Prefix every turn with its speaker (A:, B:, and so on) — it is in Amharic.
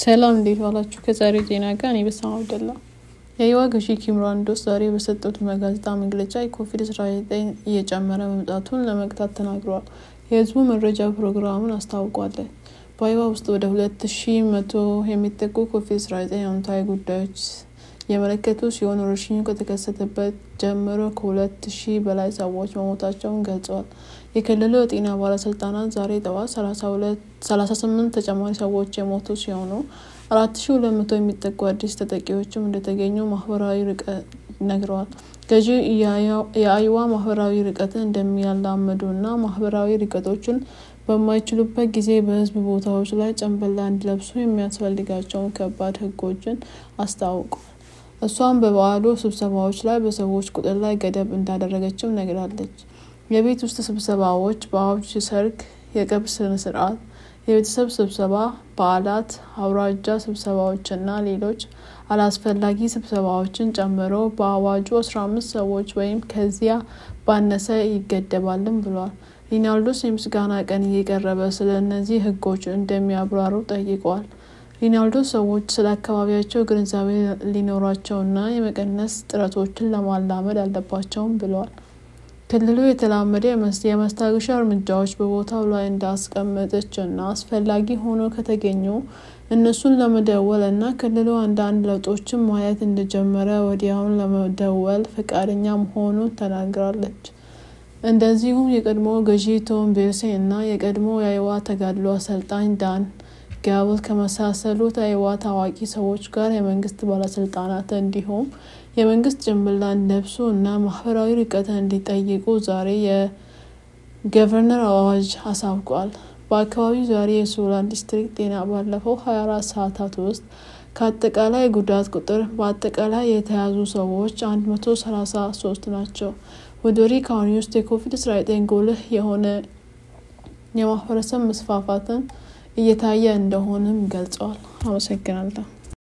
A: ሰላም እንዴት ዋላችሁ? ከዛሬ ዜና ጋር እኔ በሳም አብደላ። የአይዋ ገሺ ኪም ራንዶስ ዛሬ በሰጡት መጋዜጣ መግለጫ የኮቪድ-19 እየጨመረ መምጣቱን ለመቅታት ተናግረዋል። የህዝቡ መረጃ ፕሮግራሙን አስታውቋል። በአይዋ ውስጥ ወደ ሁለት ሺህ መቶ የሚጠጉ ኮቪድ-19 አዎንታዊ ጉዳዮች የመለከቱ ሲሆን ወረርሽኙ ከተከሰተበት ጀምሮ ከሁለት ሺህ በላይ ሰዎች መሞታቸውን ገልጸዋል። የክልሉ የጤና ባለስልጣናት ዛሬ ጠዋት ሰላሳ ስምንት ተጨማሪ ሰዎች የሞቱ ሲሆኑ አራት ሺ ሁለት መቶ የሚጠጉ አዲስ ተጠቂዎችም እንደተገኙ ማህበራዊ ርቀት ነግረዋል። ገዢው የአይዋ ማህበራዊ ርቀትን እንደሚያላመዱ እና ማህበራዊ ርቀቶችን በማይችሉበት ጊዜ በህዝብ ቦታዎች ላይ ጭንብላ እንዲለብሱ የሚያስፈልጋቸውን ከባድ ህጎችን አስታውቋል። እሷም በበዓሉ ስብሰባዎች ላይ በሰዎች ቁጥር ላይ ገደብ እንዳደረገችም ነግራለች። የቤት ውስጥ ስብሰባዎች፣ በአዋጅ ሰርግ፣ የቀብር ስነ ስርዓት፣ የቤተሰብ ስብሰባ፣ በዓላት፣ አውራጃ ስብሰባዎችና ሌሎች አላስፈላጊ ስብሰባዎችን ጨምሮ በአዋጁ 15 ሰዎች ወይም ከዚያ ባነሰ ይገደባልም ብሏል። ሪናልዶስ የምስጋና ቀን እየቀረበ ስለ እነዚህ ህጎች እንደሚያብራሩ ጠይቋል። ሪናልዶ ሰዎች ስለ አካባቢያቸው ግንዛቤ ና የመቀነስ ጥረቶችን ለማላመድ አለባቸውም ብለዋል። ክልሉ የተላመደ የማስታገሻ እርምጃዎች በቦታው ላይ እንዳስቀመጠች ና አስፈላጊ ሆኖ ከተገኙ እነሱን ለመደወል እና ክልሉ አንዳንድ ለውጦችን ማየት እንደጀመረ ወዲያውን ለመደወል ፈቃደኛ መሆኑ ተናግራለች። እንደዚሁም የቀድሞ ገዢ ቶም ቤርሴ እና የቀድሞ የአይዋ ተጋድሎ አሰልጣኝ ዳን ጋቦት ከመሳሰሉት አይዋ ታዋቂ ሰዎች ጋር የመንግስት ባለስልጣናት እንዲሁም የመንግስት ጅምላ እንዲለብሱ እና ማህበራዊ ርቀትን እንዲጠይቁ ዛሬ የገቨርነር አዋጅ አሳውቋል። በአካባቢው ዛሬ የሶላን ዲስትሪክት ጤና ባለፈው 24 ሰዓታት ውስጥ ከአጠቃላይ ጉዳት ቁጥር በአጠቃላይ የተያዙ ሰዎች 133 ናቸው። ወደሪ ካውንቲ ውስጥ የኮቪድ-19 ጉልህ የሆነ የማህበረሰብ መስፋፋትን እየታየ እንደሆነም ገልጸዋል። አመሰግናለሁ።